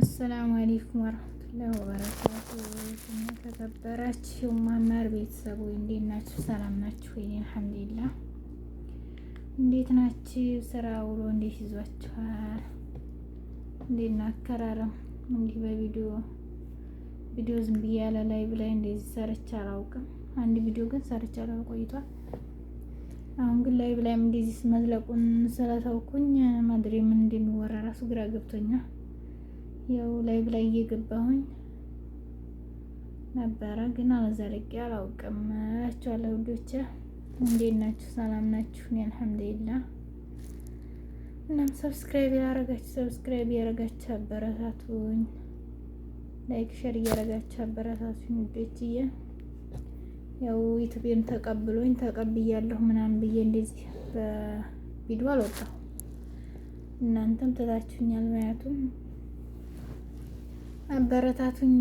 አሰላሙ አሌይኩም ወረህመቱላሂ ወበረካቱ። የተከበራችሁ ማማር ቤተሰቦች እንዴት ናችሁ? ሰላም ናችሁ? ወይኔ አልሐምዱሊላህ። እንዴት ናችሁ? ስራ ውሎ እንዴት ይዟችኋል? እንዴት ነው አከራረም? እንዲህ በቪዲዮ ቪዲዮ ዝም ብዬ ያለ ላይቭ ላይ እንደዚህ ሰርቼ አላውቅም። አንድ ቪዲዮ ግን ሰርቼ አላውቅም ቆይቷል። አሁን ግን ላይቭ ላይም እንደዚህ መዝለቁን ስለተውኩኝ ማድሬ እንደሚወራ እራሱ ግራ ገብቶኛል። ያው ላይብ ላይ እየገባሁኝ ነበረ ግን አዘርቄ አላውቅም እላችኋለሁ። ውዶቼ እንዴት ናችሁ? ሰላም ናችሁ? እኔ አልሐምዱሊላህ። እናም ሰብስክራይብ ያረጋችሁ ሰብስክራይብ ያረጋችሁ አበረታቱኝ፣ ላይክ ሼር እያረጋችሁ አበረታቱኝ ውዶችዬ። ያው ዩቲዩብን ተቀብሎኝ ተቀብያለሁ ምናምን ብዬ እንደዚህ በቪዲዮ አልወጣሁ እናንተም ትታችሁኛል ማለቱም አበረታቱኝ።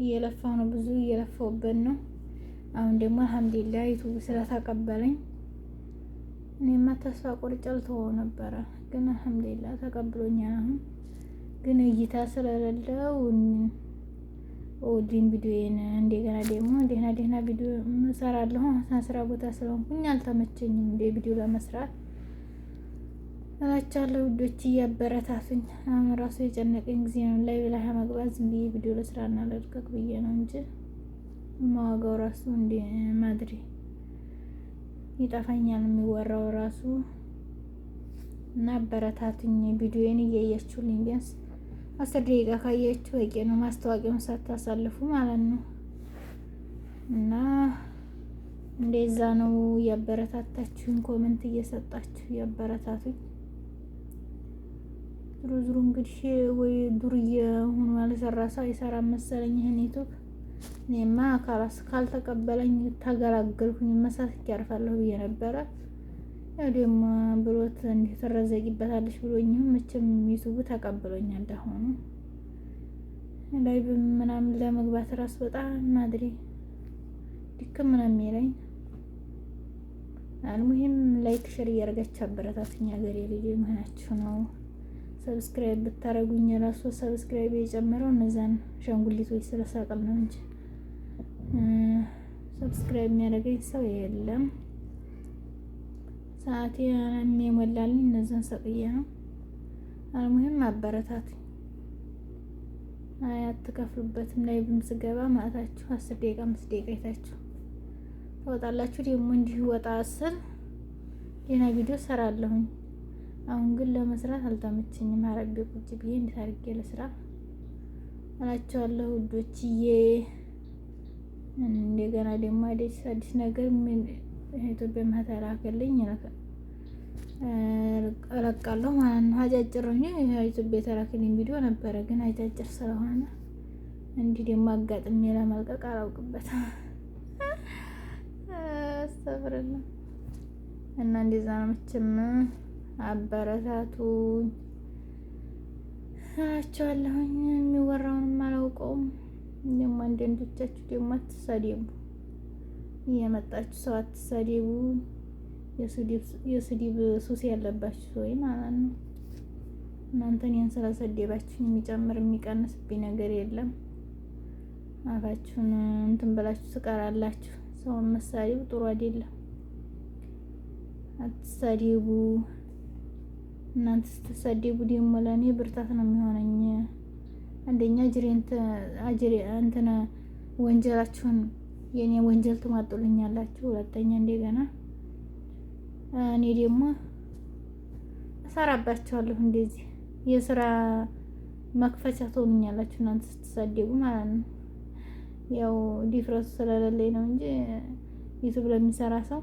እየለፋ ነው፣ ብዙ እየለፋሁበት ነው። አሁን ደግሞ አልሐምዱሊላህ ዩቱብ ስለተቀበለኝ እኔማ ተስፋ ቆርጬ ልተወው ነበረ፣ ግን አልሐምዱሊላህ ተቀብሎኛል። አሁን ግን እይታ ስለሌለው ኦዲን ቪዲዮዬን እንደገና ደግሞ ደህና ደህና ቪዲዮ እሰራለሁ። አሁን ስራ ቦታ ስለሆንኩኝ አልተመቸኝም እንደ ቪዲዮ ለመስራት እላችኋለሁ ውዶች፣ እያበረታቱኝ ራሱ የጨነቀኝ ጊዜ ነው። ላይ ብላ መግባት ዝም ብዬ ቪዲዮ ለስራና ለድቀቅ ብዬ ነው እንጂ ማዋጋው ራሱ እንዲ ማድሪ ይጠፋኛል የሚወራው ራሱ እና አበረታቱኝ። ቪዲዮዬን እያያችሁልኝ ቢያንስ አስር ደቂቃ ካያችሁ በቂ ነው። ማስታወቂያውን ሳታሳልፉ ማለት ነው እና እንደዛ ነው። እያበረታታችሁኝ ኮመንት እየሰጣችሁ እያበረታቱኝ ዙሮ ዙሮ እንግዲህ ወይ ዱርዬ ሆኖ ያልሰራ ሰው አይሰራም መሰለኝ። ይህን ዩቱብ እኔማ ካላስ ካልተቀበለኝ ተገላገልኩኝ መሳት ያርፋለሁ ብዬ ነበረ። ደግሞ ብሎት እንዲህ ትረዘጊበታለች ብሎኝም መቼም ዩቱቡ ተቀብሎኛል። እንዳሆኑ ላይ ምናምን ለመግባት ራስ በጣም ማድሪ ድክም ነው የሚለኝ። አልሙሂም ላይክ ሸር እያደረጋችሁ አበረታቱኝ። ሀገሬ ልጅ መሆናችሁ ነው። ሰብስክራይብ ብታደረጉኝ ራሱ ሰብስክራይብ የጨመረው እነዛን ሻንጉሊቶች ስለሳቅም ነው እንጂ ሰብስክራይብ የሚያደርገኝ ሰው የለም። ሰዓቴ የሚሞላልኝ እነዛን ሰቅዬ ነው። አልሙሂም አበረታት አትከፍሉበትም። ላይ ብም ስገባ ማእታችሁ አስር ደቂቃ አምስት ደቂቃ ይታችሁ ትወጣላችሁ። ደግሞ እንዲሁ ወጣ አስር ሌላ ቪዲዮ ሰራለሁኝ። አሁን ግን ለመስራት አልተመቸኝም። ሀረግ ቤት ቁጭ ብዬ እንዴት አድርጌ ለስራ እላቸዋለሁ ውዶችዬ። እንደገና ደግሞ አዲስ አዲስ ነገር ምን ኢትዮጵያ ተላከልኝ እለቃለሁ ማለት ነው። አጫጭር ኢትዮጵያ የተላከልኝ ቪዲዮ ነበረ፣ ግን አጫጭር ስለሆነ እንዲህ ደግሞ አጋጥሜ ለመልቀቅ አላውቅበትም። አስተብርና እና እንደዛ ነው መቼም አበረታቱኝ እላቸዋለሁኝ። የሚወራውንም አላውቀውም። ደግሞ አንዳንዶቻችሁ ደግሞ አትሳደቡ፣ እየመጣችሁ ሰው አትሳደቡ። የስድብ ሱስ ያለባችሁ ወይ ማለት ነው። እናንተ እኔን ስለሰደባችሁ የሚጨምር የሚቀንስብኝ ነገር የለም። አፋችሁን እንትን ብላችሁ ትቀራላችሁ። ሰውን መሳደብ ጥሩ አይደለም። አትሳደቡ። እናንተ ስትሳደቡ ደግሞ ለእኔ ብርታት ነው የሚሆነኝ። አንደኛ አጅሬ እንትን ወንጀላችሁን የእኔ ወንጀል ትሟጡልኛላችሁ። ሁለተኛ እንደገና እኔ ደግሞ እሰራባችኋለሁ። እንደዚህ የስራ መክፈቻ ትሆኑኛላችሁ እናንተ ስትሳደቡ ማለት ነው። ያው ዲፍረንሱ ስለሌለኝ ነው እንጂ ዩቱብ ለሚሰራ ሰው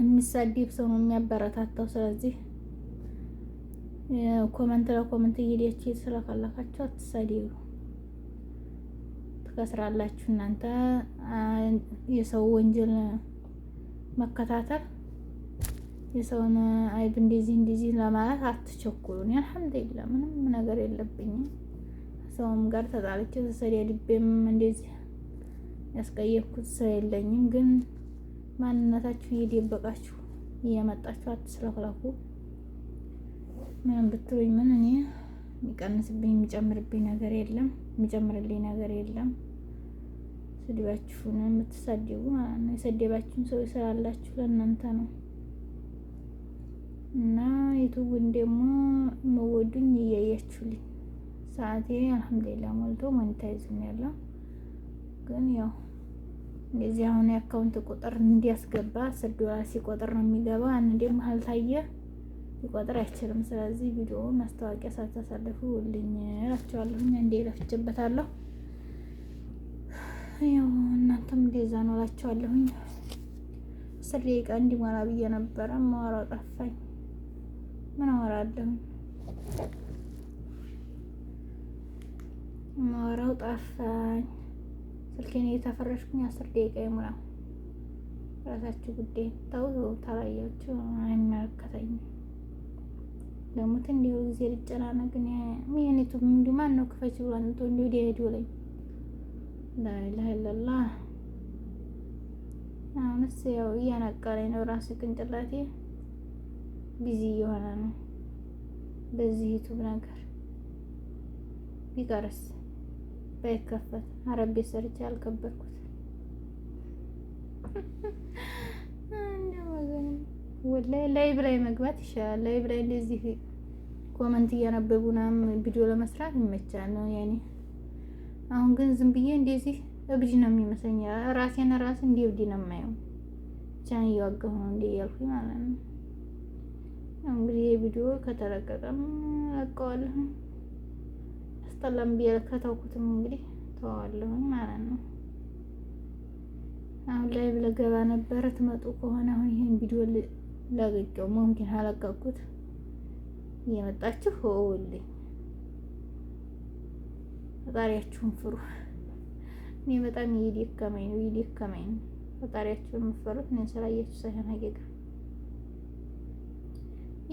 የሚሳደብ ሰው ነው የሚያበረታታው። ስለዚህ ኮመንት ለኮመንት እየሄዳችሁ ስለፈለካችሁ አትሳደቡ፣ ትከስራላችሁ። እናንተ የሰው ወንጀል መከታተል የሰውን አይብ እንደዚህ እንደዚህ ለማለት አትቸኩሉ። እኔ አልሐምዱሊላህ ምንም ነገር የለብኝም። ሰውም ጋር ተጣልቼ ተሰዳድቤም እንደዚህ ያስቀየኩት ሰው የለኝም። ግን ማንነታችሁ እየደበቃችሁ እየመጣችሁ አትስለፍለፉ። ምንም ብትሉኝ ምን እኔ የሚቀንስብኝ የሚጨምርብኝ ነገር የለም፣ የሚጨምርልኝ ነገር የለም። ስድባችሁን የምትሳደቡ ማለት ነው። የሰደባችሁን ሰው ስላላችሁ ለእናንተ ነው እና ዩቱቡን ደግሞ መወዱኝ እያያችሁልኝ ሰዓቴ አልሐምዱሊላህ ሞልቶ ሞኔታይዝም ያለው ግን ያው እንደዚህ አሁን የአካውንት ቁጥር እንዲያስገባ አስር ዶላር ሲቆጥር ነው የሚገባ አንዴም አልታየ ሊቆጥር አይችልም። ስለዚህ ቪዲዮውን ማስታወቂያ ሳታሳልፉ ውልኝ እላቸዋለሁ። እንዴ ለፍችበታለሁ ያው እናንተም እንደዛ ነው እላቸዋለሁኝ። አስር ደቂቃ እንዲሞላ ብዬ ነበረ። ማወራው ጠፋኝ። ምን አወራለሁ? ማወራው ጠፋኝ። ስልኬን እየተፈረሽኩኝ አስር ደቂቃ ይሙላ። ራሳችሁ ጉዳይ ታው ታላያችሁ አይመለከተኝም። ለሙት እንዲሁ ጊዜ ልጨናነቅ ሚኒቱ እንዲ ማን ነው ክፈች ብሎ አንቶ እንዲ ወዲ ሄዱ ላይ ላኢላሀ ኢለላህ። አሁንስ ያው እያናቀረኝ ነው ራሴ ቅንጭላቴ ቢዚ እየሆነ ነው በዚህ ዩቱብ ነገር ቢቀርስ ባይከፈት አረብ ቤት ሰርቼ አልከበድኩት እንደው ወላሂ ላይብ ላይ መግባት ይሻላል። ላይብ ላይ እንደዚህ ኮመንት እያነበቡ ምናምን ቪዲዮ ለመስራት ይመቻል ነው ያኔ። አሁን ግን ዝም ብዬ እንደዚህ እብድ ነው የሚመስለኝ። ራሴን ራስ እንዲ እብድ ነው የማየው። ብቻን እየዋጋሁ ነው እንደ እያልኩኝ ማለት ነው። እንግዲህ የቪዲዮ ከተለቀቀም ለቀዋለሁ። አስጠላም ብዬ ከተውኩትም እንግዲህ ተዋዋለሁኝ ማለት ነው። አሁን ላይ ብለገባ ነበረ ትመጡ ከሆነ አሁን ይህን ቪዲዮ ለግጬው ሙምኪን አለቀኩት እየመጣችሁ እውልኝ። ፈጣሪያችሁን ፍሩ። እኔ በጣም እየደከመኝ ነው እየደከመኝ ነው። ፈጣሪያችሁን የምትፈሩት እኔን ስላያችሁ ሳይሆን ሀቂቃ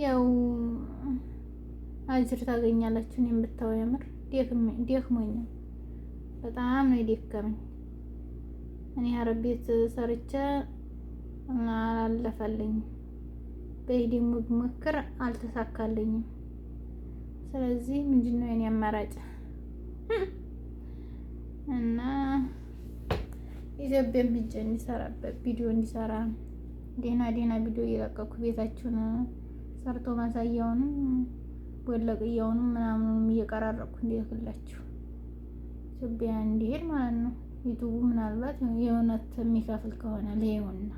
ያው አጅር ታገኛላችሁ። እኔም ብታው የምር ደክሞኛል፣ በጣም ነው የደከመኝ። እኔ ሀረቤት ሰርቼ አላለፈልኝም። በኢድ ሞክር አልተሳካልኝም። ስለዚህ ምንድን ነው የኔ አማራጭ? እና ኢትዮጵያ ብቻ እንዲሰራበት ቪዲዮ እንዲሰራ ዴና ዴና ቪዲዮ እየለቀኩ ቤታችሁን ሰርቶ ማሳያውንም ወለቅያውንም ምናምኑም እየቀራረኩ እንዲልክላችሁ ኢትዮጵያ እንዲሄድ ማለት ነው። ዩቱቡ ምናልባት የእውነት የሚከፍል ከሆነ ለይሆንና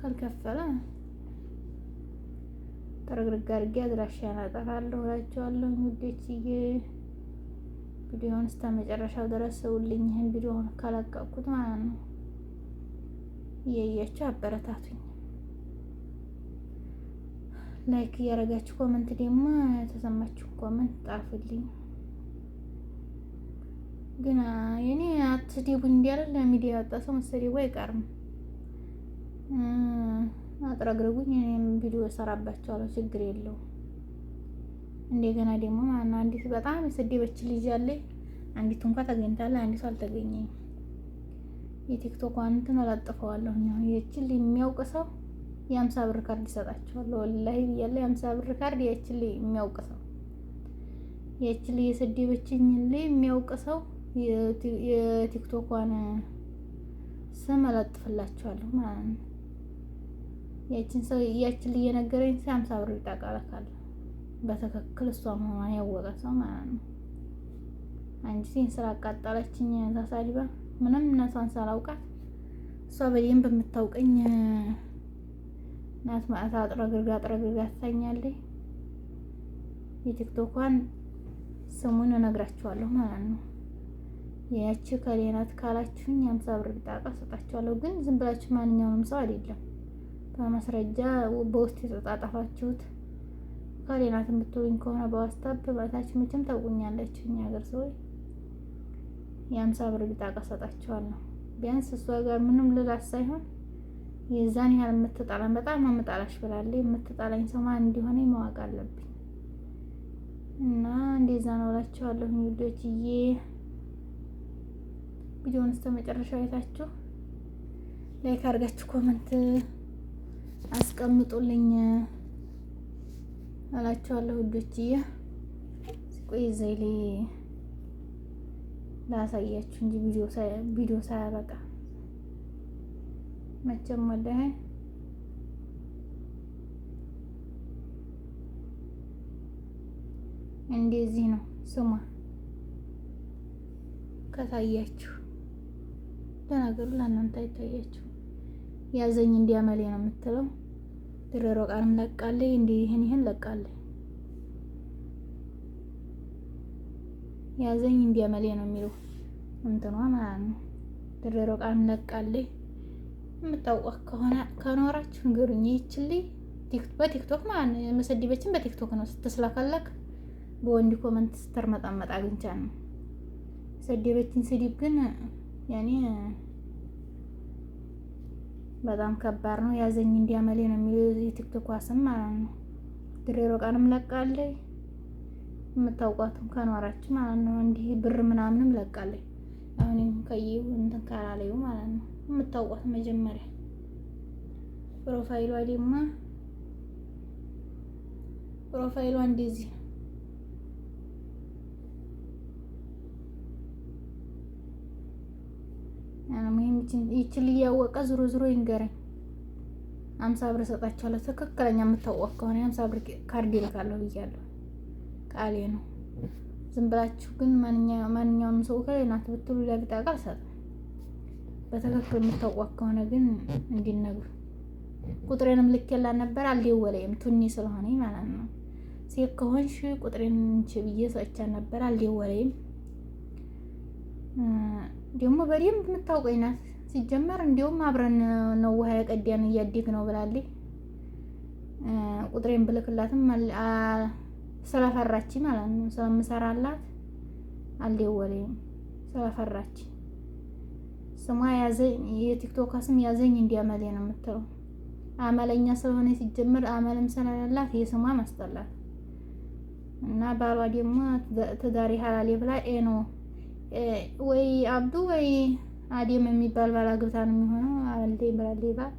ካልከፈለ ጥርግርግ አድርጌ አድራሻ አጠፋለሁ እላቸዋለሁ። ውዶችዬ ቪዲዮውን እስከ መጨረሻው ድረስ ሰውልኝ። ይህን ቪዲዮውን ካላቀቅኩት ማለት ነው እያያችሁ አበረታቱኝ። ላይክ እያደረጋችሁ ኮመንት ደግሞ ተሰማችሁ ኮመንት ጣፉልኝ። ግን የኔ አትስደቡ እንዲያለ ለሚዲያ ያወጣ ሰው መሰደቡ አይቀርም። አጥረግርጉኝ እኔም ቪዲዮ እሰራባቸዋለሁ፣ ችግር የለው። እንደገና ደግሞ ማና አንዲት በጣም የሰደበች ልጅ ያለኝ አንዲት እንኳ ተገኝታለች፣ አንዲቱ አልተገኘኝም። የቲክቶኳን እንትን አላጥፈዋለሁ። ይህችን የሚያውቅ ሰው የአምሳ ብር ካርድ ይሰጣቸዋለሁ። ወላሂ ብያለሁ፣ የአምሳ ብር ካርድ ይህችን የሚያውቅ ሰው ይህችን የሰደበችኝ የሚያውቅ ሰው የቲክቶኳን ስም አላጥፍላቸዋለሁ ማለት ነው። ያችን ሰው ያችን ልጅ የነገረኝ ሲ ሀምሳ ብር ይጣቃለካል። በትክክል እሷ መሆኗን ያወቀ ሰው ማለት ነው። አንቺ ሲን ስራ አቃጠለችኝ ታሳሊባ ምንም እናቷን ሳላውቃት እሷ በደንብ በምታውቀኝ ናት ማለት አጥረግርጋ አጥረግርጋ ትታኛለች። የቲክቶኳን ስሙን እነግራችኋለሁ ማለት ነው። ያቺ ከሌናት ካላችሁኝ የሀምሳ ብር ቢጣቃ ሰጣችኋለሁ። ግን ዝም ብላችሁ ማንኛውንም ሰው አይደለም በማስረጃ በውስጥ የተጣጣፋችሁት ከሌናት የምትሉኝ ከሆነ በዋስታፕ በታች መቼም ታውቁኛላችሁ። እኛ ሀገር ሰዎች የአምሳ ብር ብጣቃ ሰጣችኋለሁ። ቢያንስ እሷ ጋር ምንም ልላት ሳይሆን የዛን ያህል የምትጣላን በጣም አመጣላሽ ብላለ የምትጣላኝ ሰው ማን እንዲሆነ ማወቅ አለብኝ እና እንደዛ ነው እላችኋለሁ። ውዶችዬ ቪዲዮውን እስከ መጨረሻው አይታችሁ ላይክ አድርጋችሁ ኮመንት አስቀምጡልኝ አላችኋለሁ። ውዶችዬ። ቆይ ዘይሌ ላሳያችሁ እንጂ ቪዲዮ ሳያበቃ መቼም ወላሂ እንደዚህ ነው። ስማ ከታያችሁ ለነገሩ ለእናንተ አይታያችሁ ያዘኝ እንዲያመሌ ነው የምትለው። ድረሮ ቃልም ለቃለይ እንዲህ ይህን ይህን ለቃለ ያዘኝ እንዲያመሌ ነው የሚለው እንትኗ ማለት ነው። ድረሮ ቃልም ለቃለይ የምታውቋት ከሆነ ከኖራችሁ ንገሩኝ። ይችልኝ በቲክቶክ ማለት ነው። መሰዲበችን በቲክቶክ ነው ስትስላከለክ በወንድ ኮመንት ስተርመጣመጣ አግኝቻ ነው ሰደበችን ስድብ ግን ያኔ በጣም ከባድ ነው። ያዘኝ እንዲያመሌ ነው የሚለው የቲክቶኳ ስም ማለት ነው። ድሬሮ ቃንም ለቃለይ የምታውቋትም ከኗራችሁ ማለት ነው። እንዲህ ብር ምናምንም ለቃለይ አሁን ከይ እንትን ካላለዩ ማለት ነው። የምታውቋት መጀመሪያ ፕሮፋይሏ ደማ ፕሮፋይሏ እንደዚህ ይችል እያወቀ ዝሮ ዝሮ ይንገረኝ። አምሳ ብር እሰጣችኋለሁ። ትክክለኛ የምታወቅ ከሆነ አምሳ ብር ካርድ ይልካለሁ ብያለሁ። ቃሌ ነው። ዝም ብላችሁ ግን ማንኛውም ሰው ከሌናት ብትሉ ለግጣ ቃል ሰጠ። በትክክል የምታወቅ ከሆነ ግን እንዲነግሩ ቁጥሬንም ልኬላ ነበር አልደወለኝም። ቱኒ ስለሆነ ማለት ነው። ሴት ከሆንሽ ቁጥሬን እንቺ ብዬ ሰጥቻ ነበር አልደወለኝም። ደግሞ በደንብ የምታውቀኝ ናት። ሲጀመር እንዲሁም አብረን ነው ውሃ የቀዳን እያደግ ነው ብላለች። ቁጥሬን ብልክላትም ስለፈራች ማለት ነው ስለምሰራላት አልደወለኝም ስለፈራች። ስሟ ያዘኝ የቲክቶክ ስም ያዘኝ እንዲያመሌ ነው የምትለው። አመለኛ ስለሆነ ሲጀመር አመልም ስለሌላት የስሟ መስጠላት እና ባሏ ደግሞ ትዳሪ ሀላሌ ብላ ኤኖ ወይ አብዱ ወይ አዴም የሚባል ባል አግብታ ነው የሚሆነው። አልዴ ብራሌ ባል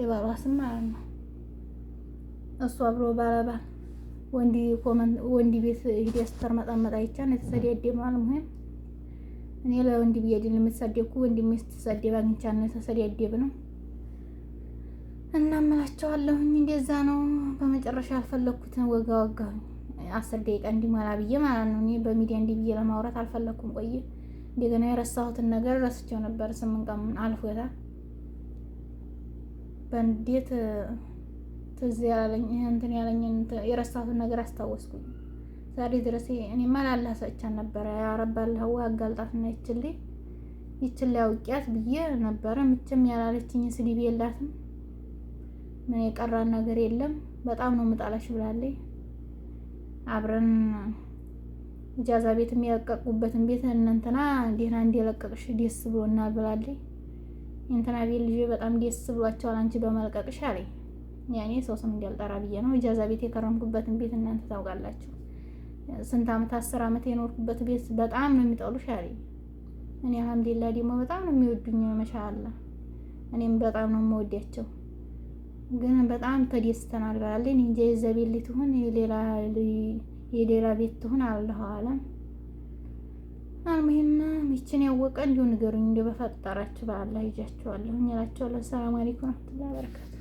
የባሏ ስም ማለት ነው። እሱ አብሮ ባለባል ወንዲ ኮመንት ወንዲ ቤት ስተር ሂዳ ስትመጣመጥ አይቻል የተሰደደ ማለት ነው። እኔ ለወንዲ ብዬ አይደል የምትሰደብኩ ወንዲ ስትሰደብ አግኝቻት ነው የተሰደደብ ነው። እናመላቸዋለሁኝ እንደዛ ነው። በመጨረሻ ያልፈለግኩትን ወጋ ወጋ አስር ደቂቃ እንዲሞላ ብዬ ማለት ነው። እኔ በሚዲያ እንዲህ ብዬ ለማውራት አልፈለኩም ቆየ እንደገና የረሳሁትን ነገር ረስቸው ነበር። ስምንት ቀን አልፎታል። በእንዴት ትዝ ያለኝ እንትን ያለኝ የረሳሁትን ነገር አስታወስኩኝ። ዛሬ ድረስ እኔማ ላላህ ሰጥቻት ነበረ። ያ ረብ አላህ አጋልጣት ይችል ያውቂያት ብዬ ነበረ። ምችም ያላለችኝ ስድብ የላትም። ምን የቀራን ነገር የለም። በጣም ነው ምጣላሽ ብላለኝ አብረን ጃዛ ቤት የሚለቀቁበትን ቤት እናንተና ደህና እንደለቀቅሽ ደስ ብሎና ብላለኝ። እንትና ቤት ልጅ በጣም ደስ ብሏቸዋል አንቺ በመልቀቅሽ አለኝ። ያኔ ሰው ስም እንዳልጠራ ብዬ ነው። ጃዛ ቤት የከረምኩበትን ቤት እናንተ ታውቃላችሁ። ስንት ዓመት አስር ዓመት የኖርኩበት ቤት በጣም ነው የሚጠሉሽ አለኝ። እኔ አልሐምዱሊላህ ደግሞ በጣም ነው የሚወዱኝ። መሻአላ እኔም በጣም ነው የምወዳቸው። ግን በጣም ተደስተናል ብላለኝ። እንጂ የዘቤት ልትሆን የሌላ የሌላ ቤት ትሆን አለሁ አለም አልሙሂም ሚችን ያወቀ እንዲሁ ንገሩኝ እንዲሁ በፈጠራችሁ በአላህ ይጃችኋለሁ እላቸዋለሁ። ሰላም አለይኩም ወረህመቱላሂ ወበረካቱ